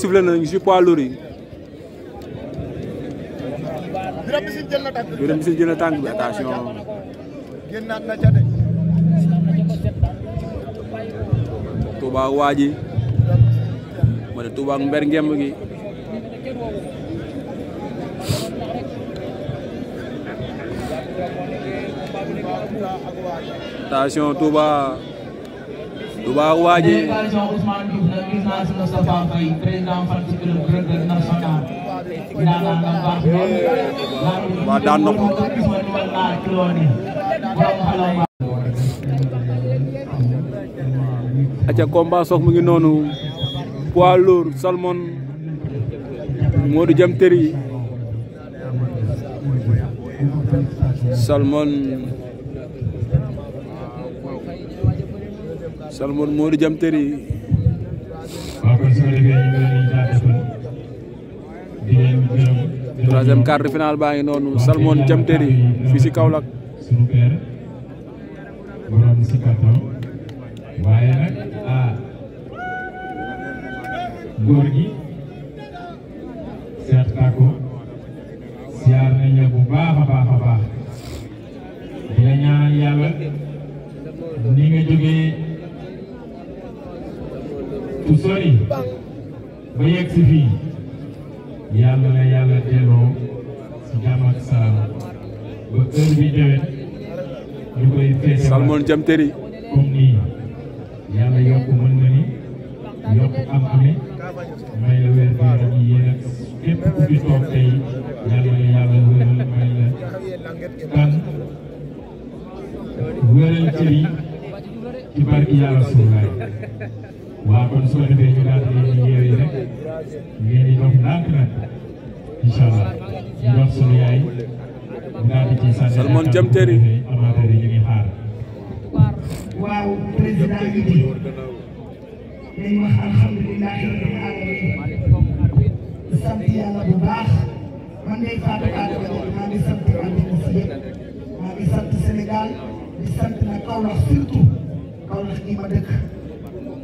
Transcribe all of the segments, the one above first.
sifflé nañu si poids lourd yi. Birame Mbissine jël na tànk bi attention. Touba ak waa ma ne ak mber ngemb gi. attention Touba Touba ak waa Moustapha Faye aca combat sox mu ngi noonu poids lourd salmon Modou Jam Teri salmon salmon Modou Jam di troisième quart de finale ngi Salmon jamteri fi ci Kaolack. bu sori ba yegg si fii yàlla na yàlla delloo si jàmm salaam ba heure bi déwén ñu koy feete salmon jam tëri comme nii yàlla yokk mën na ni yokk am ami may la wér bi yaram yi képp ku fi toog tey yàlla na yàlla wéral may la kan wéral cëri ci barki yàlla suulaay waaw kon soo defee ñu daal di yeewee rek ngeen di dox ndànk nag incha allah ñu dox sunu yaay ñu daal di ci sànni Salmon Diam Terry amateur yi ñu ngi xaar. waaw président yi di dañ wax alhamdulilah rabbil alamin sant yàlla bu baax man day Fatou Adama maa ngi sant àddina si yëpp maa ngi sant Sénégal di sant na Kaolack surtout Kaolack gi ma dëkk.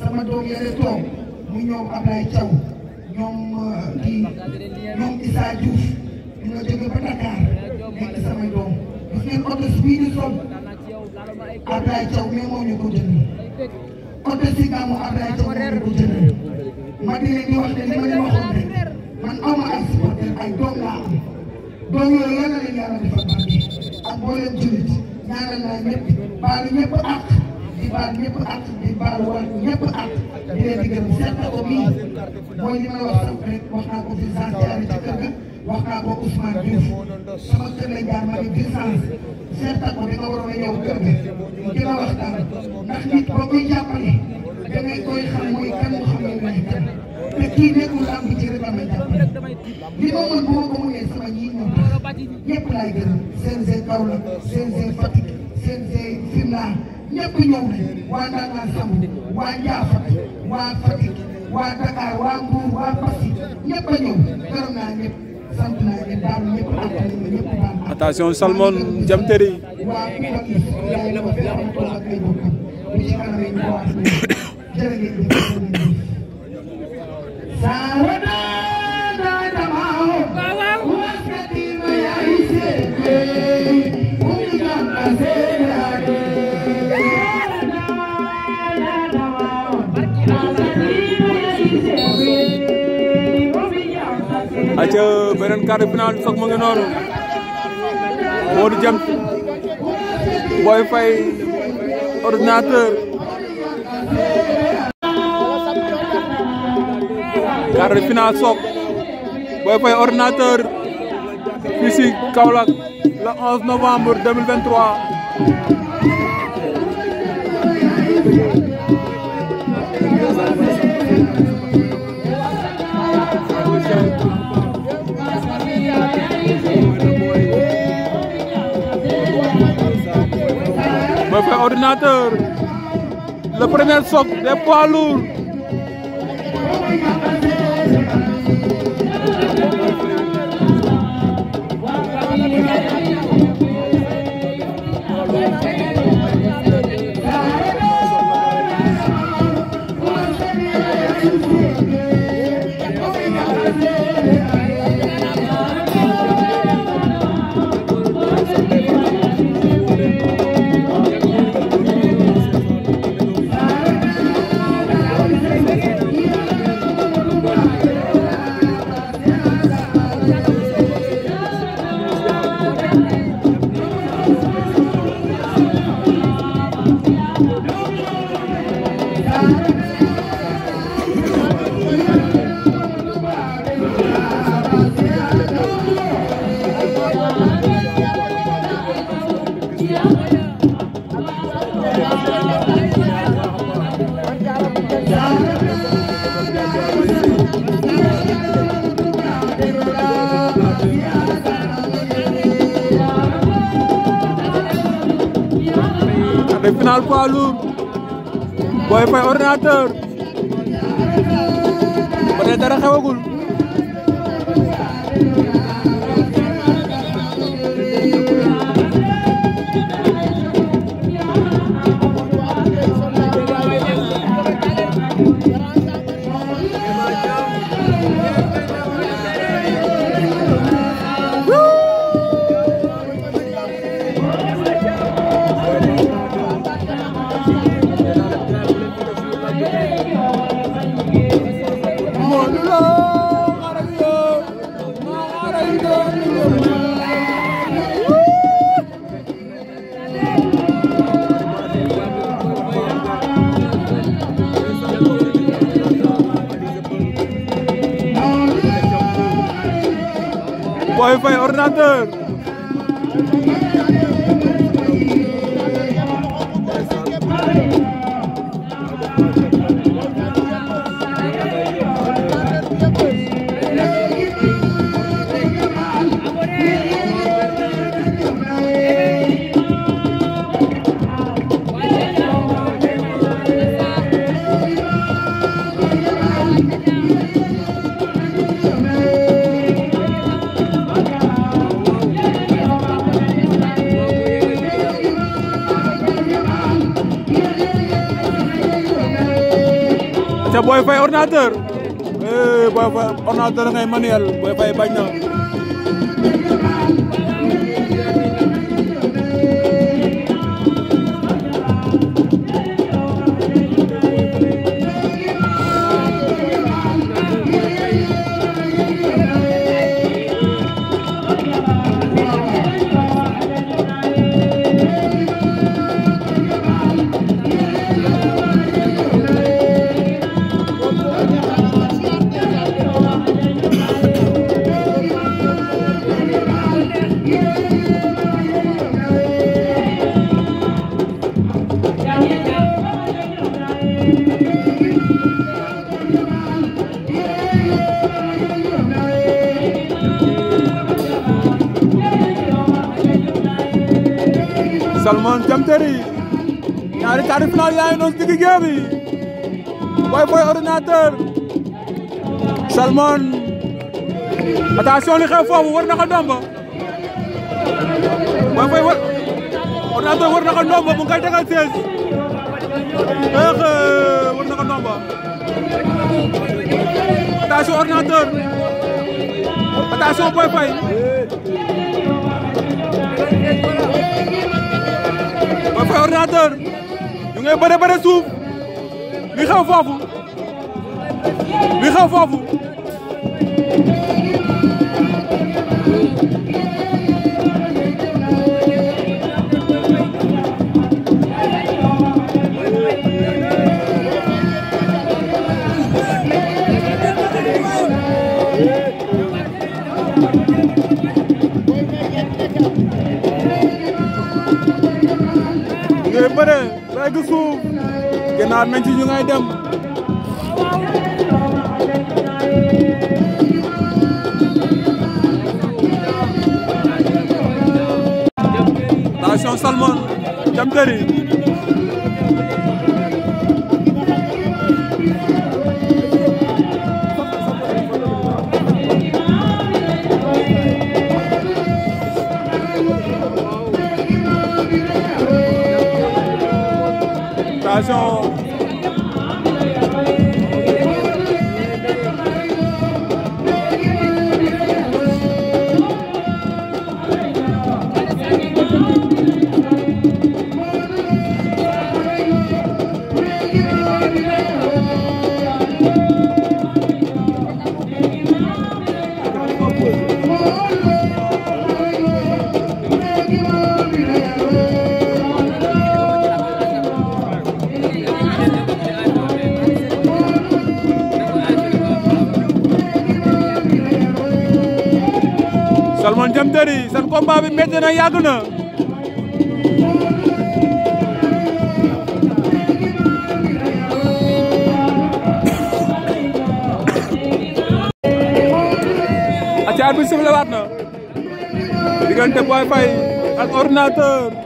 sama doom yële toog mu ñoom Ablaye Thiaw ñoom di euh, ñoom Issa Diouf ñu nga jóge ba Dakar nekk sama doom gis ngeen oto bii ñu sol Ablaye Thiaw mais moo ñu ko jënd oto si gàmmu Ablaye Thiaw moo ko jënd ma di leen di wax ne li ma leen waxoon rek man aw ay supporter ay doom laa am doom yooyu yàlla leen yàlla defal barke ak boo leen jullit ñaanal naa ñëpp baalu ñëpp ak di baal ñëpp àq di baal war ñëpp àq di leen di gërëm seet na ko mii mooy li ma la wax sànq rek wax naa ko fi sant yàlla ci kër ga wax naa ko Ousmane Diouf sama kër lañ jaar ma ne distance seet na ko da nga waroon a ñëw kër ga gën a waxtaan ndax nit boo koy jàppale da ngay koy xam mooy kan mu xam ne lay dem te kii nekkul am bi ci rek la may jàppale li ma mën bu ma ko mënee sama ñii ñëw tax ñëpp laay gërëm seen seen Kaolack seen seen Fatick ñëpp ñëw waa Ndangal Samb waa waa Fatick waa Dakar waa Mbour waa Passy ñëpp a ñëw gërëm naa ñëpp sant naa Salmon jam tëri. waa Koumba Is yaay la ma fi am tool aca beneen quart de finale bi sax ma ngi Jam Boy ordinateur quart de finale soog ordinateur fii si novembre ordinateur le premier choc des poids lourds ordinateur ba tey dara xewagul Boy Faye ordinateur ordinateur eh booy fay ordinateur ngay manuel booy na noonu Diam Terry ñaari noonu digg géew bi Boy Salmon attention li xew foofu war na ko ndomba Boy Boy war ordinateur war na ko ndomba mu ngi koy tegal seize xeex war na ko mooy fay ordinateur ñu ngay bëre bëre suuf li xew foofu li suuf gannaaw nañ ci ñu ngay dem station Salmon Jamteri promoteur yi seen combat bi métti na yàgg na acaar bi siflewaat na diggante Boy Faye ak ordinateur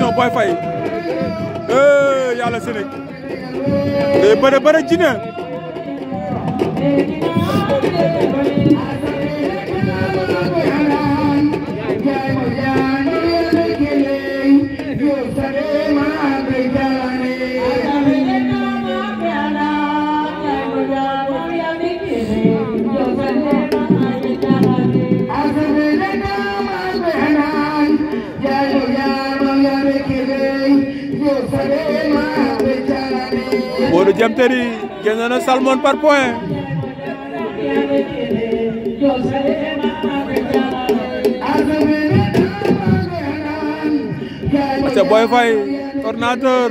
production Boy Faye yàlla sénék day bëre bëre jinne Modou Diam Terry génn Salmon par point aca Boy Faye ordinateur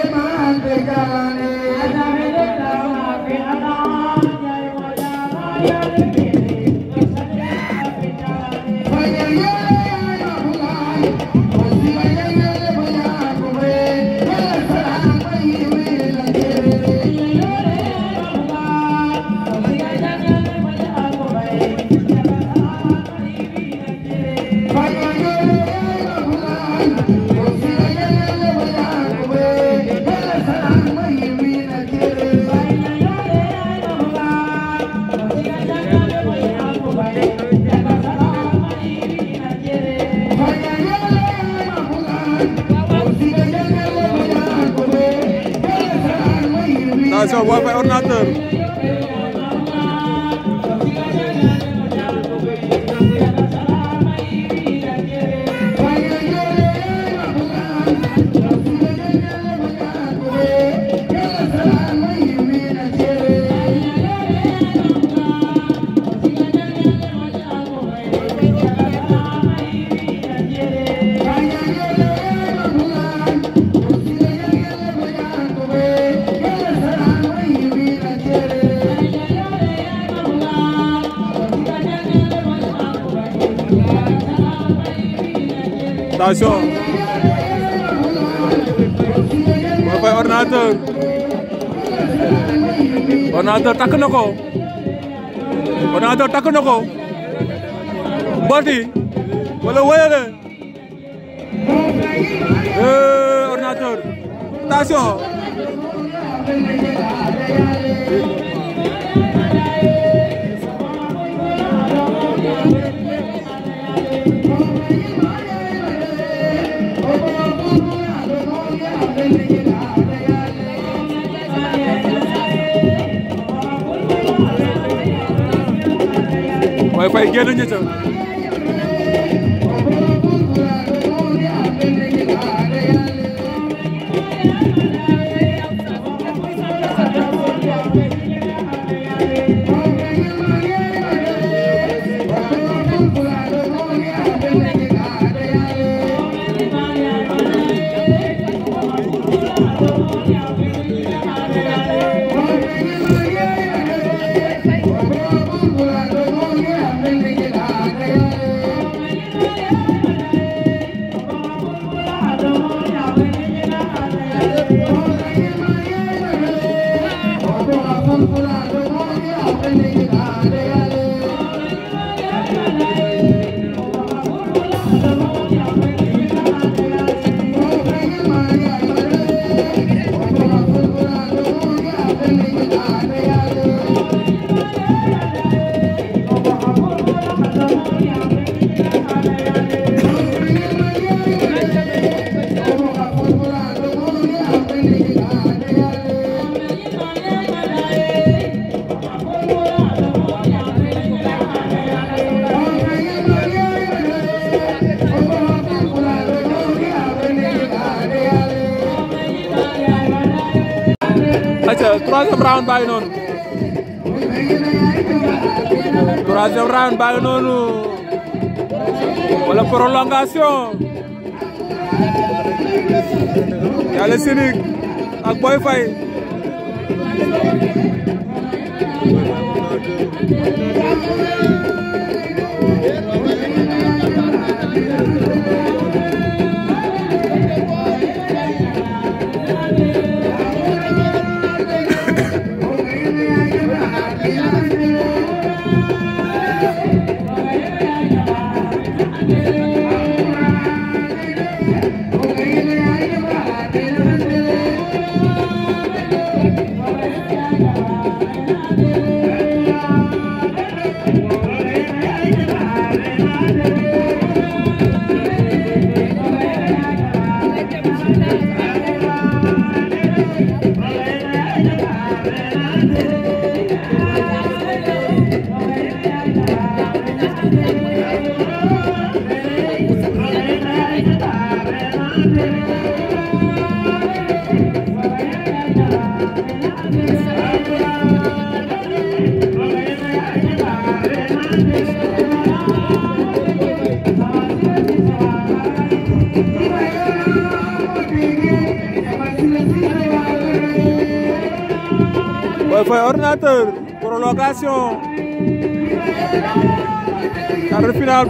Boy Faye ordinateur attention Boy Faye ordinateur ordinateur takk na ko ordinateur takk na ko mboti wala wéyale eh, ordinateur attention vai fay génn ñi troisième round baa noonu wala prolongation Yalla Sinig ak Boy Faye por una ocasión final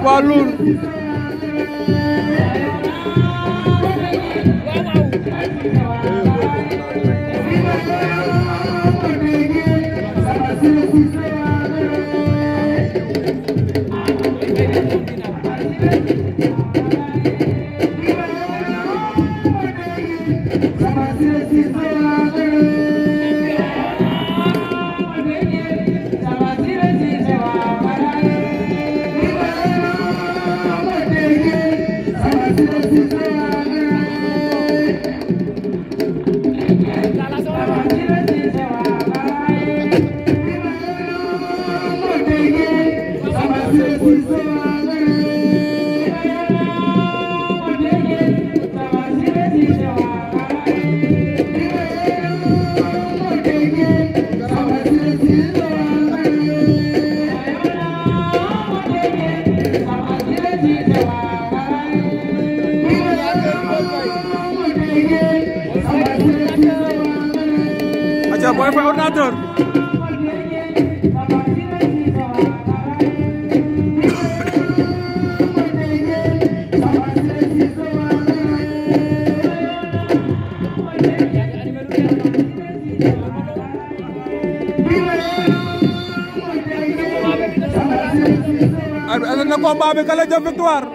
combat bi ka la jox victoire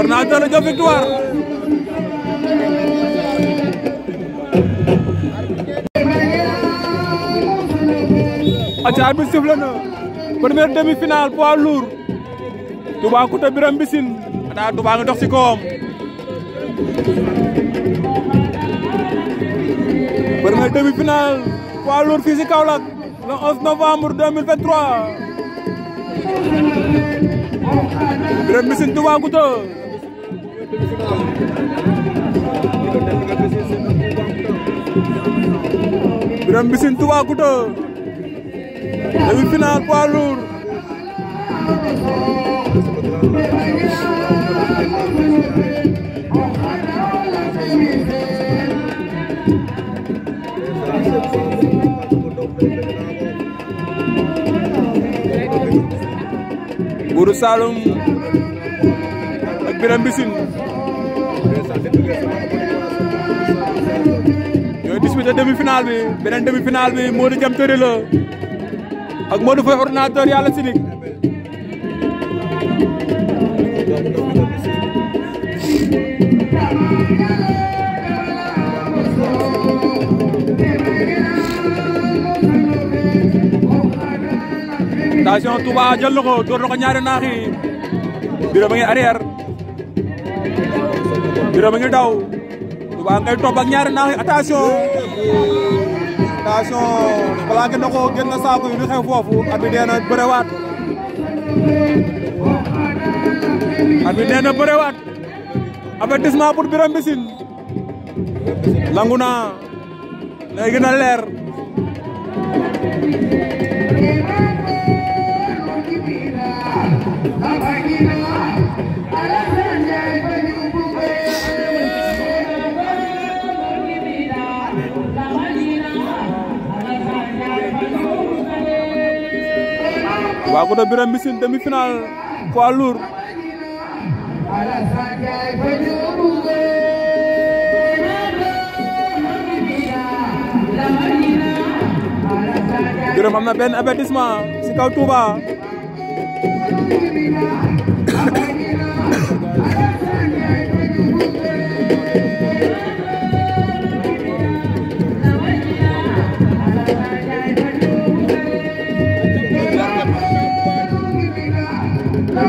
ordinateur la jox victoire aca arbitre bi sifflé na première demi-finale poids lourd Toubacouta Birame Mbissine ata Touba dox ci kawam nga demi-finale poids lourd fii si Kaolack demi-finale poids lourd Buuru Saloum ak Biram Mbissine ñooy disputé demi-finale bi beneen demi-finale bi Modou Diam Terry la ak Modou Faye ordinateur Yalla station Touba jël na door na ñaari naax yi Birame a ngi arrière Birame a ngi daw Touba ngay top ak ñaari naax yi attention attention plaqué na ko génn na saako yi lu xew fofu abi nee na bërewaat abi nee na bërewaat avertissement pour Birame Mbissine langu na léegi na leer Toubacouta Birame Mbissine demi-finale poids lourd Birame benn avertissement ci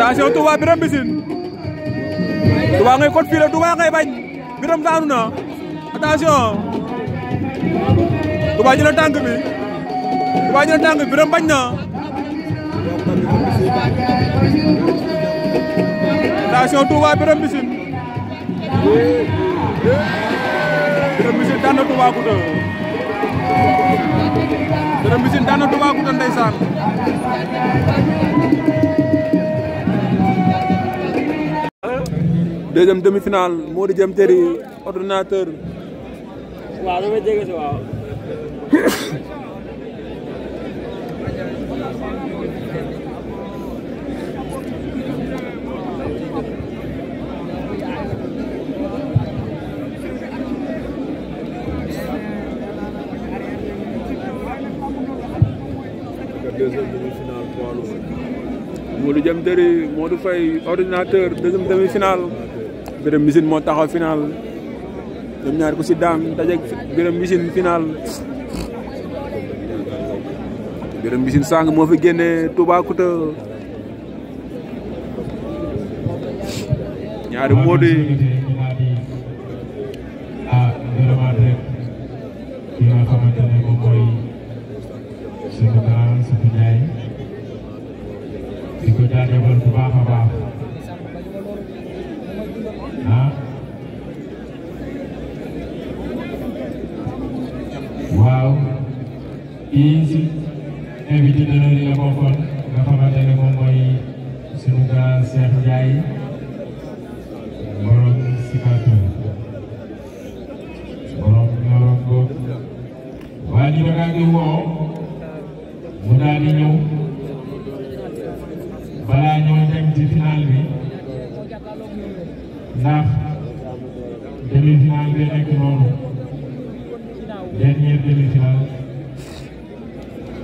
attention Touba Birame Mbissine Touba ngay code fii la Touba ngay bañ Birame na attention Touba jël tànk bi Touba jël tànk bi Birame bañ na attention Touba Birame Mbissine Birame Mbissine daan na Touba Gouta Birame Mbissine daan na Touba Gouta ndeysaan deuxième demi-finale modi Diam Terry ordinateur wa do dégg si waaw deuxième demi-finale Modou Diam Terry Modou ordinateur deuxième demi-finale Birame Mbissine moo taxaw final ñoom ñaar ku si daan dajeeg Birame Mbissine final Birame Mbissine sàng moo fi génnee Toubacouta ñaari moodu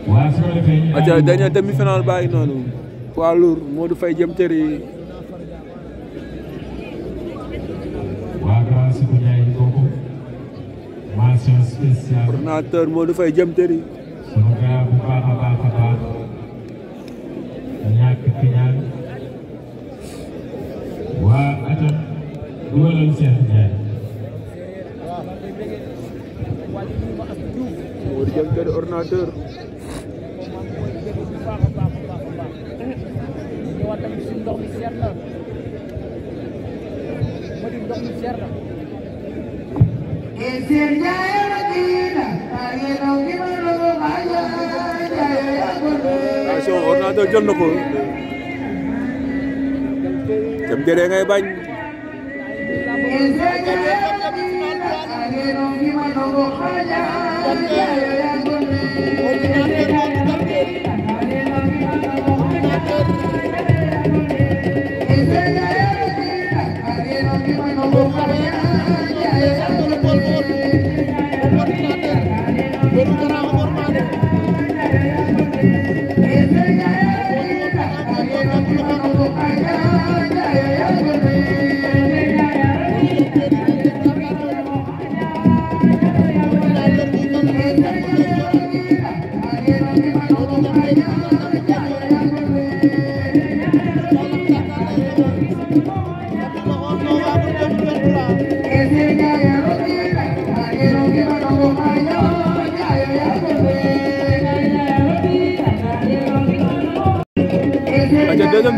aca dernière demi final baa ngi noonu poids lourd Modou Faye jëm tëri ordinateur Modou Faye jëm tëri waa aca dugalal Cheikh Ndiaye Modou jëm tëri ordinateur ndox đi seet na ma đi ndox đi seet na Esir jaya Medina, ayo dong di mana ayo jaya Yakubu. Ayo, orang tu jono ko. Jam dia dengan bang. Esir jaya Medina, ayo dong Thank you.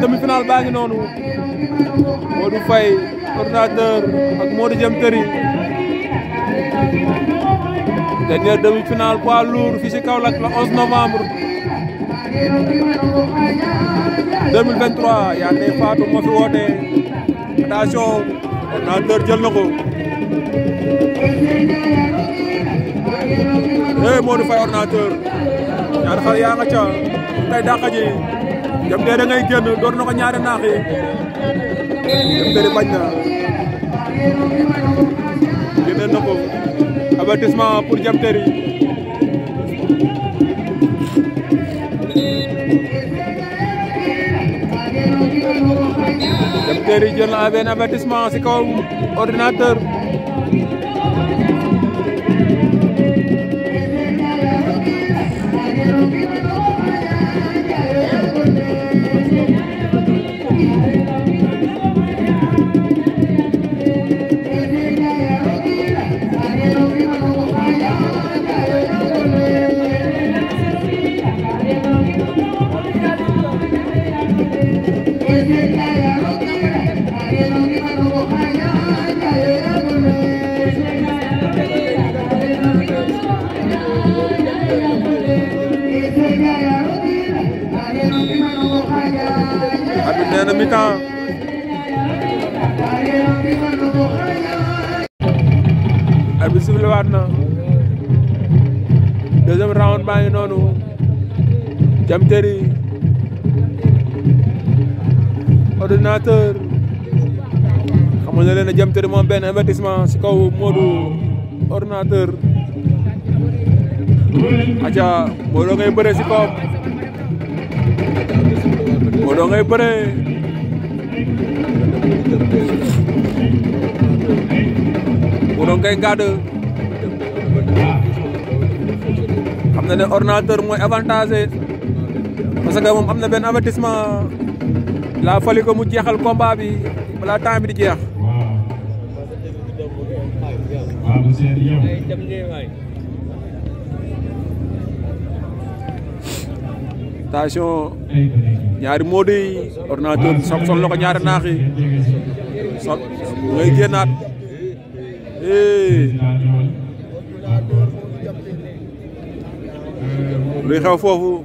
demi-finale baa ngi noonu Modou Faye ordinateur ak Modou Diam Terry dernière demi-finale poids lourd fii ci Kaolack le 11 novembre 2023 yaa ngi Fatou moo fi woote attention ordinateur jël na ko eh Modou Faye ordinateur ñaar xar yaa nga ca tey Diam Terry da ngay door na ko ñaari naax yi Diam Terry bañ na génne na ko avertissement ci kaw nee na mi-temps ar bi sifle waat na deuxième round baa ngi noonu Diam Terry ordinateur xamal na leen ne Diam Terry moom benn investissement si kaw Modou ordinateur aca Modou ngay bëre si kawam Modou Lo ngay bëre Modou Lo ngay gàdd xam na ne ordinateur mooy avantage parce que moom am na benn avertissement la fali mu jeexal combat bi balaa temps di jeex attention ñaari Modou yi ordinateur bi soog sol ñaari naax yi sol ngay foofu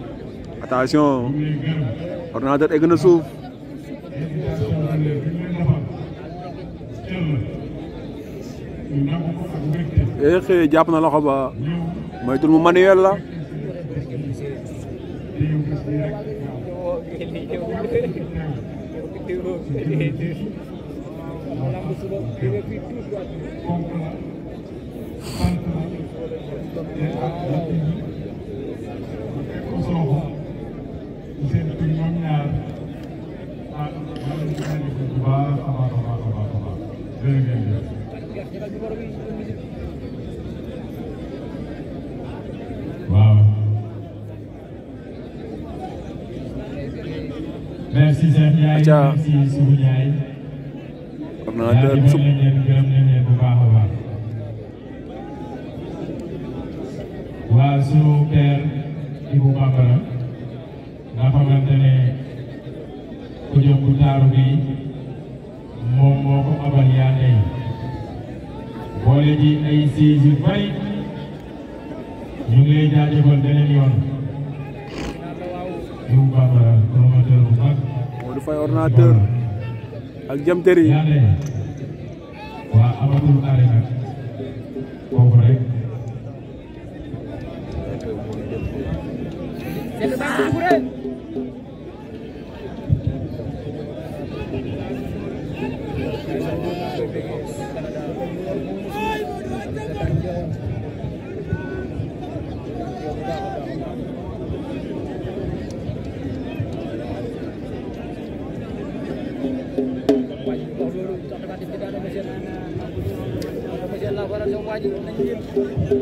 attention ordinateur egg na suuf eexee jàpp na loxo ba moytul mu manuel baax a baax a baax a baax a baax jërë ngeen jëf waaw merci Cheikh Ndiaye merci Sougou Ndiaye ordinateur sub gërëm nañ bu baax a baax waa ku ñëw ku taaru bi moom moo ko abal yaa tey boole ji ay siis yu bari ñu ngi lay jaajëfal beneen yoon yow Bambara promoteur moo du fay ordinateur ak jamtër yi waa amatul are nag kooku rek đi.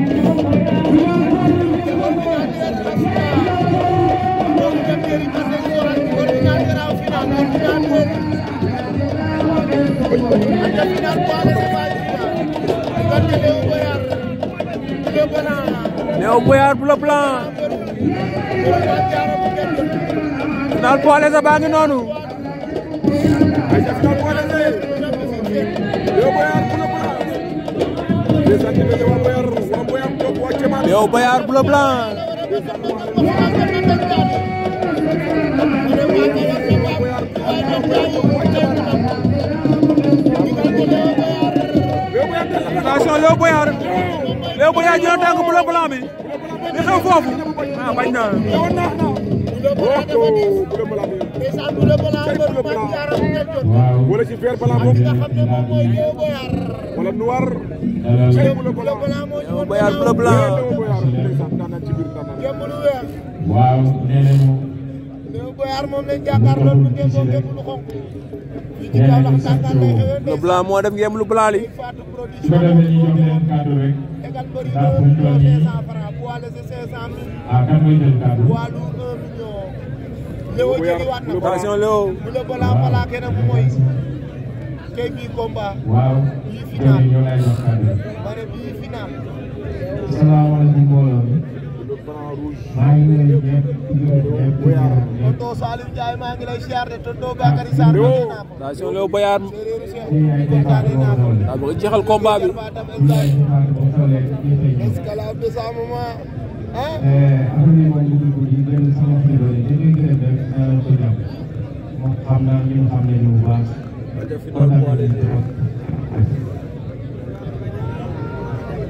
Léo Boyar Bleu Blanc final poids léger baa ngi noonu Léo Boyar Bleu Blanc attention Léo Boyar Léo Boyar jël tànk bu la blanc bi li xew foofu ah bañ na wala ci vert blanc bokk wala noir xey bu la blanc Boyar bu la blanc waaw Kayar moom lañ jàkkaar loolu lu ngeen moom lépp lu xonk fii ci kaw lax tàngaan lay xewee lu blanc moo def ngeen lu blanc li Fatou production égal bëri deux millions cinq cent francs poids léger cinq cent mille poids ah, lourd un million léwo jëli waat na attention léwo bu la balaa palaake na bu mooy tey bii combat bii final ma ne bii final salaamaaleykum mbooloo mi maa ngi lay ñëpp di la ñëpp di la ñëpp. tonton Saliou Ndiaye maa ngi lay ziar de tonton Bakary Sarr. daa si loolu bayaat. daa bëgg jeexal combat bi. escalade de sa maman. ah. moom xam naa ñu xam nañu bu baax.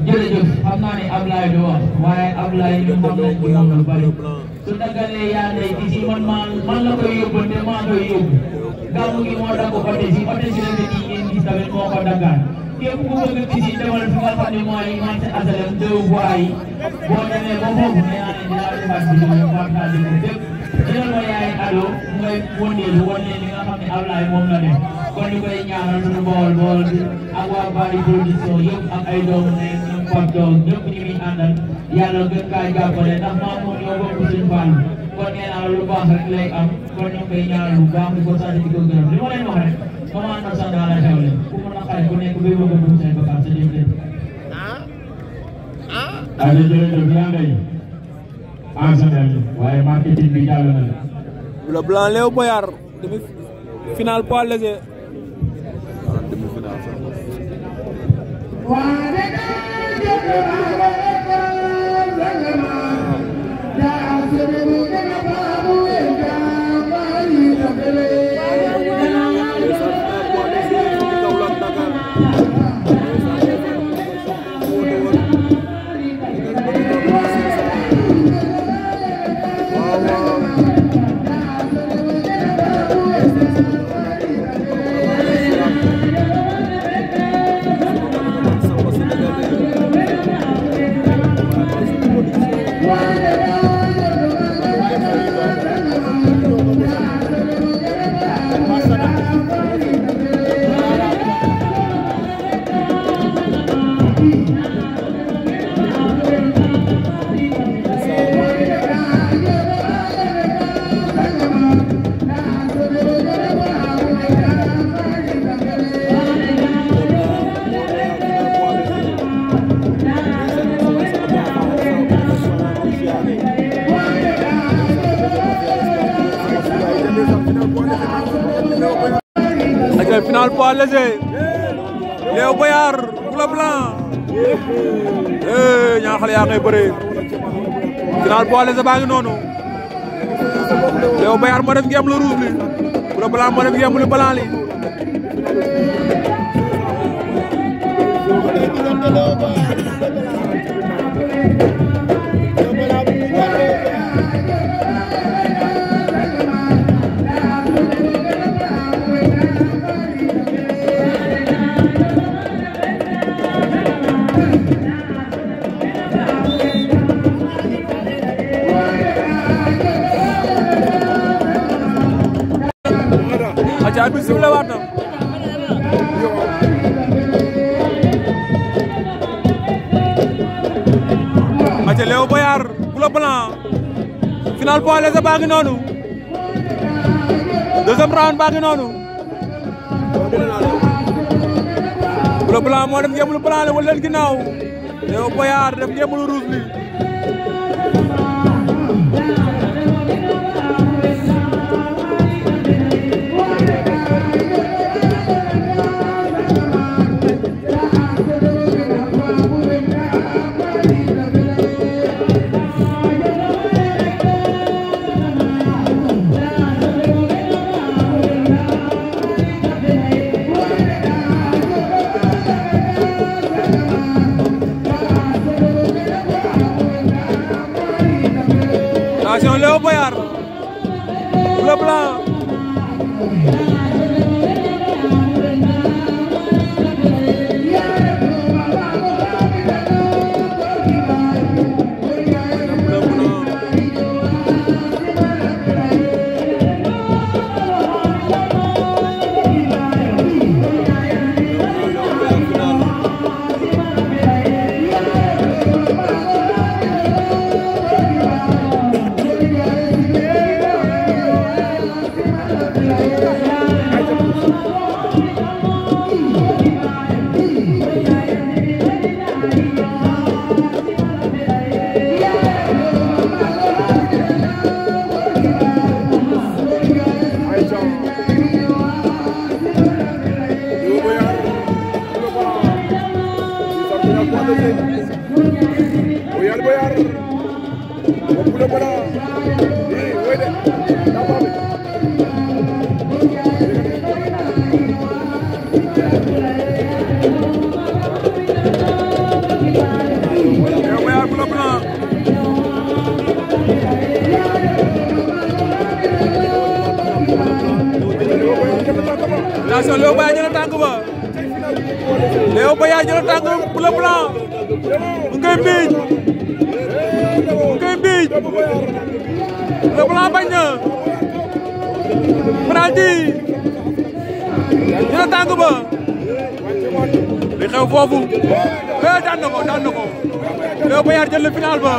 jërëjëf xam naa ne Ablaye du wax waaye Ablaye ñu xam nañ ci moom lu bari su nagalee yaa ndey ci si man maa man la koy yóbbu te maa koy yóbbu gàmmu gi moo dagg ko te si côté si la ngeen gis tamit moo ko daggaan képp ku bëgg a gis yi demal fi nga xam ne mooy marché HLM deux voies yi boo demee ba foofu nee naa leen dinaa defar bi ñu waxtaan ko bépp jëlal ma yaay allo mu ngay wëndeelu wëndeel li nga xam ne Ablaye moom la def kon ñu koy ñaanal suñu bool bool bi ak waa Bari production yëpp ak ay doomu ne ñoom Pape Diop ñëpp ñu ngi àndal yàlla gën kaa jàppale ndax maa moom ñoo bokk suñu fàll kon nee naa lu baax rek lay am kon ñu koy ñaanal lu baax di ko sant di ko gërëm li ma leen wax rek comment nag sax daal a xewle ku mën a xay ku nekk bay bëgg a dugg say bakaar sa jëf leen ay la jërëjëf yaa ngay ensemble bi waaye marketing bi jàll na la le blanc Léo Boyard demi final poids léger demi final poids léger Léo Bayar bleu eh, ñaar xale yaa ngay bëree final poids léger baa ngi noonu Léo Bayar moo def ngeem lu li bleu blanc moo def ngeem li Lessé baa ngi noonu deuxième round baa ngi noonu Bleu Blanc moo def ngeen blu blanc la wala leen ginnaaw Léo Boyard def ngeen blu rouge li foofu daan na ko daan na jël na final ba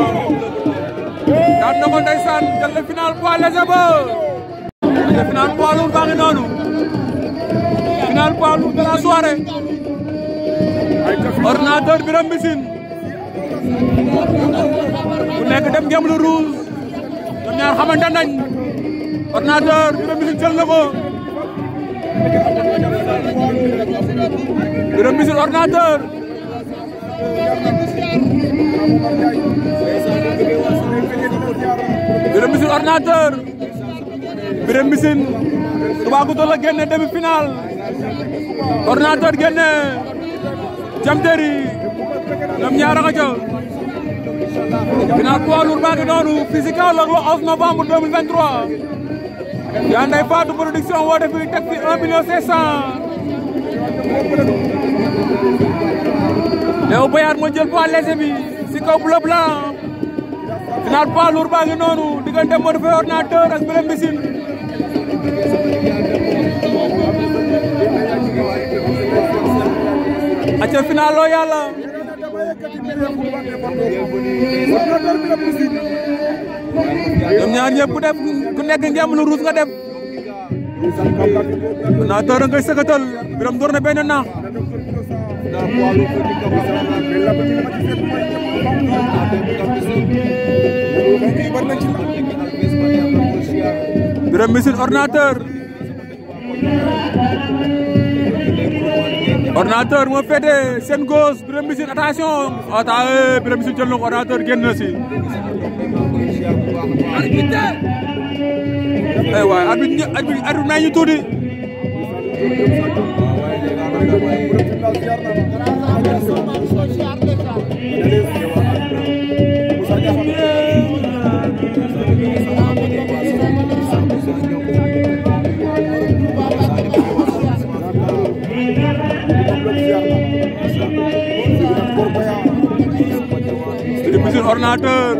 daan na ko ndeysaan jël na final poids léger ba jël na final poids lourd baa ngi noonu final poids lourd de la soirée ordinateur Birame Mbissine ku nekk dem ngeen lu rouge ñoom ñaar xamante nañ ordinateur Birame Mbissine jël na remise ordinateur Birame Mbissine ordinateur Birame Mbissine Toubacouta la génne demi-finale ordinateur génne Diam Terry ñoom ñaar a ca final poids lourd baa ngi noonu fii si Kaolack le 11 novembre yaa nday Fatou production woote fii teg fi 1 million 500. Léo Bayar moo jël poids léger bi si kaw bleu blanc. final poids lourd baa ngi noonu diggante Modou Faye ordinateur ak Birame Mbissine. acca final loo yàlla. ñoom ñaar ñëpp ku def ku nekk ngemb lu ruus nga dem. ordinateur ngay sëkkatal biram door na biram misil ordinateur. ordinateur moo féetee seen gauche Birame Mbissine attention ata eh, Birame Mbissine jël na ko ordinateur génn na si. Eh, aywa arbitre ordinateur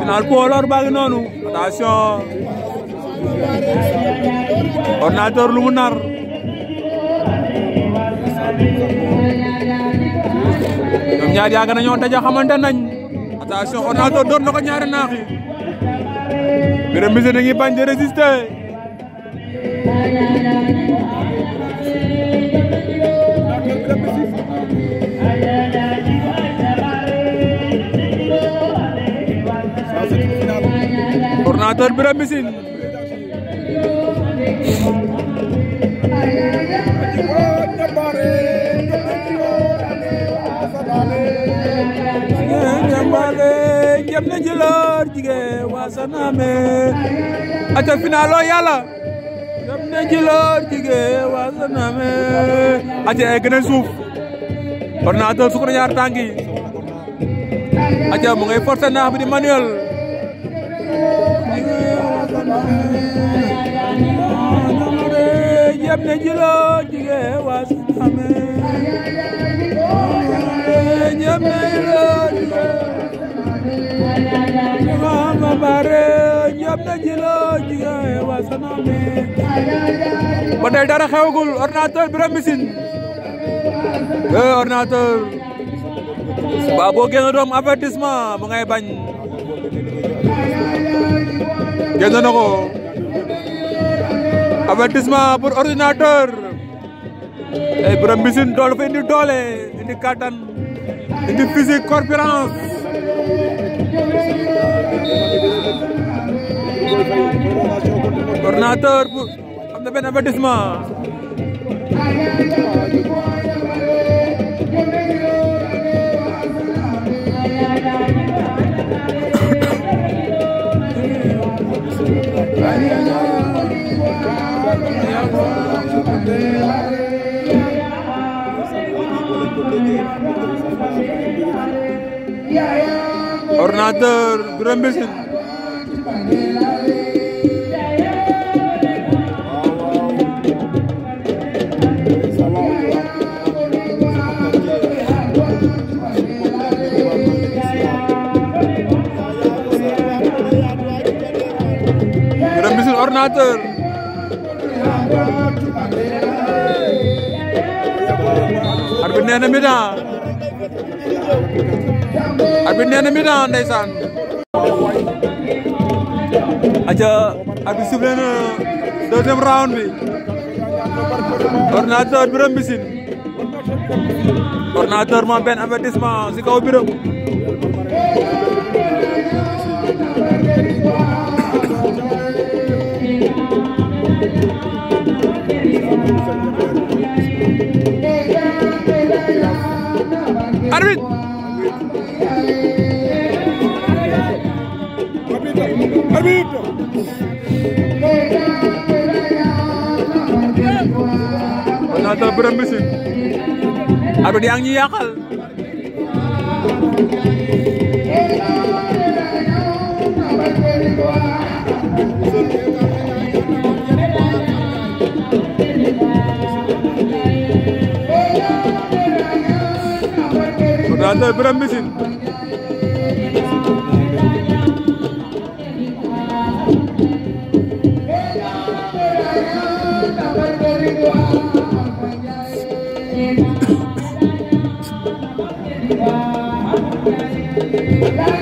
final poolor baa ngi noonu attention ordinateur lu mu nar ñoom ñaar yàgg nañoo daje xamante nañ attention ordinateur door na ko ñaari naax yi Biram Mbissé da ngi bañ Ornator berhabisin. Jemne jelar jige wasana me. Acha finalo yala. jiloor jigéen waasa name aca geneen suuf ordinateur sukk na ñaar tànk yi aca mu ngay forcé naax bi di manuel yeb ne jiloor jigéen waasa name yeb ne jiloor jigéen waasa name अपना जिला जिया है वासना में बटेटा रखा है गोल और ना तो इब्राहिम मिसिन और ना तो Babo Genodom advertisement mga iban. Ganon ako. ordinateur pour am na benn avertissement ordinateur Birame Mbissine koordinateur arbitre nee na mi-temps arbitre nee na mi-temps ndeysaan aca arbitre sifflé deuxième round bi ordinateur Birame Mbissine ordinateur moom benn avertissement si kaw Birame Ordinateur Birame Mbissine arbitre yaa ngi ñuy yàqal Thank you. Ndeye Birame Mbissine Yeah.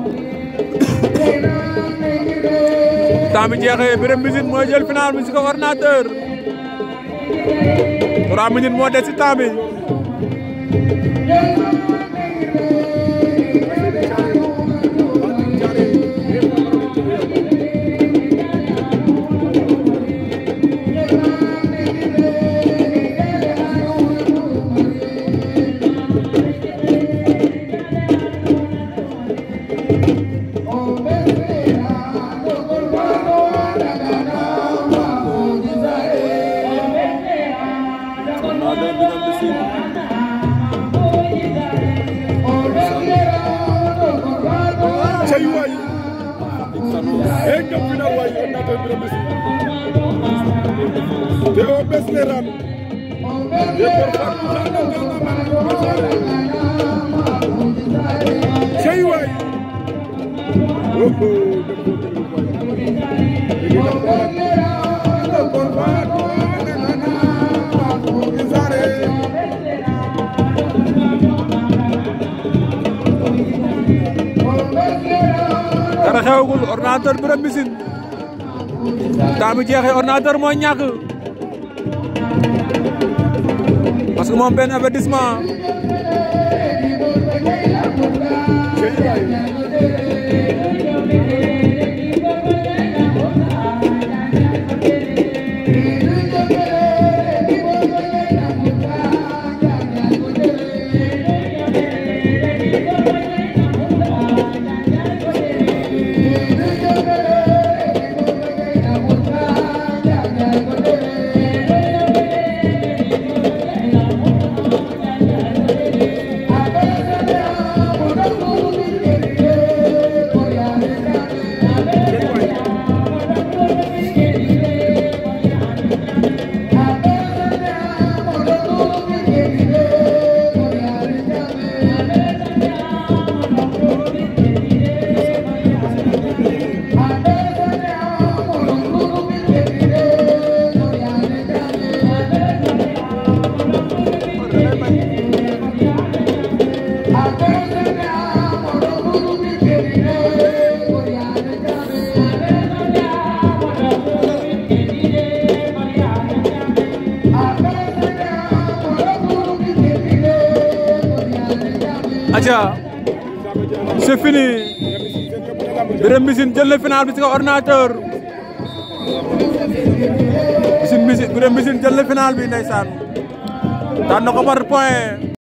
temps bi jeexee Birame Mbissine mooy jël final bi ci ko ordinateur 3 minutes moo des ci temps dara xewagul ordinateur Birame Mbissine temps bi jeexee ordinateur moo ñàkk parce que moom benn avertissement Dia c'est fini Birame Mbissine jël na final bi ci kaw ordinateur bisi Mbissine Birame Mbissine jël na final bi ndeysaan daan na ko par